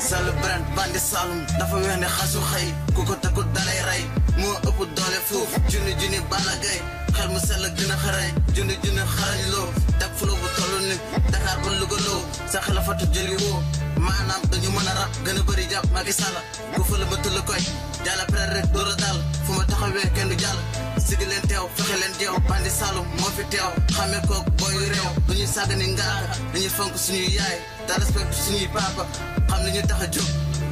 celebrant brand bandi dafa weex ne xasu xëy ku ko takku dalay ray moo ëpp doole fuuf juni juni balagay xel mu sell gën a juni juni junni lo, tak teg fulo bu toll ni Dakar ba Louga loo sa xel fatu jëli wo maanaam dañu mën a rab gën a bëri jàpp Macky ku fa la koy jala rek dal fu ma kenn du jàll sigi bandi saalum moo fi teew xame daa respect suñuy papa xam nañu tax a jóg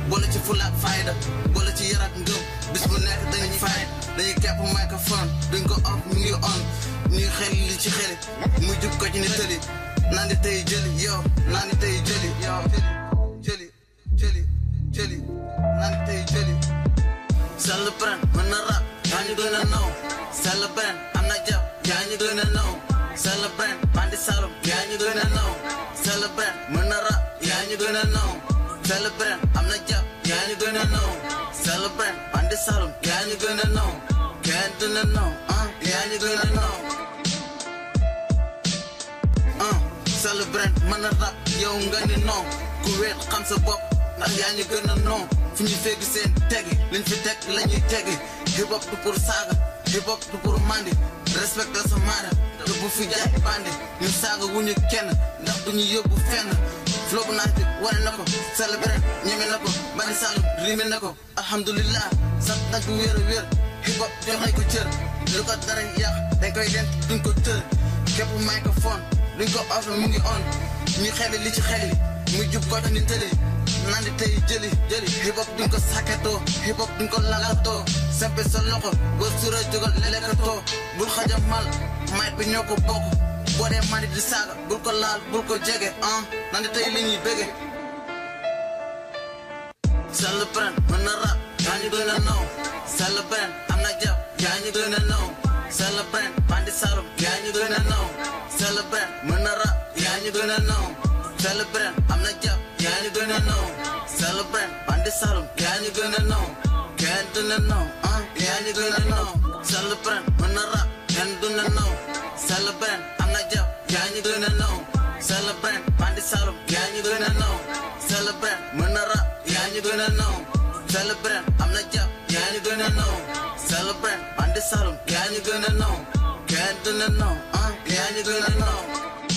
boole ci fulla ak fayda boole ci yar ak ngëm bis bu nekk dañuy fay dañuy kepp microphone duñ ko off mu ngi on ñuy xel li ci xel muy jub ko ci ni tëli naan di tey jëli yow naan di tey jëli yo. jëli jëli jëli naan di tey jëli sell brand mën na rap yaa ñu gën a naw sell brand am not jàpp Celebrant, I'm not up, Yeah, you gonna know? Celebrant, under solemn, Yeah, you gonna know? Can't do no, know, uh, can you gonna know? Uh, celebrant, man rap, yow gonna know. Kuwait xam sa bopp, ndax yaa ñu gën a know. Fu ñu fegg seen tegi, liñ fi teg la ñuy tegi. Hip hop du pour saaga, hip hop du pour mandi. Respectal sa maara, te bu fi jaay bandi. Ñu saaga wuñu kenn, ndax duñu yóbbu fenn floɓunaade waɗana ko célébrin ñemina ko mbaɗi hip hop ko lu ko dara koy duñ ko képp microphone ko mu ngi on ñu xeli li ci mu ni nandi jëli jëli hip hop duñ ko hip hop duñ ko sempe sa loxo sura jógal xajam mal bi bokk boo dee mandi di saaga bul lal, laal bul ah nanti tuh ini ñuy Celebrant menara, brand mën na Celebrant yaa ñu gën a naw sell brand am na jàpp yaa ñu gën a naw sell brand bandi saalum yaa ñu gën Celebrant naw sell brand mën na rap yaa ñu gën a bandi saalum yaa ñu gën a naw kenn ah yaa ñu gën Celebrant menara. Celebrate, I'm the job, yeah, you gonna know. Celebrate, Munara, yeah, you gonna know. Celebrate, Munara, yeah, you gonna know. Celebrate, Pandisarum, yeah, you gonna know. Can't do no, uh, yeah, you gonna know. Uh,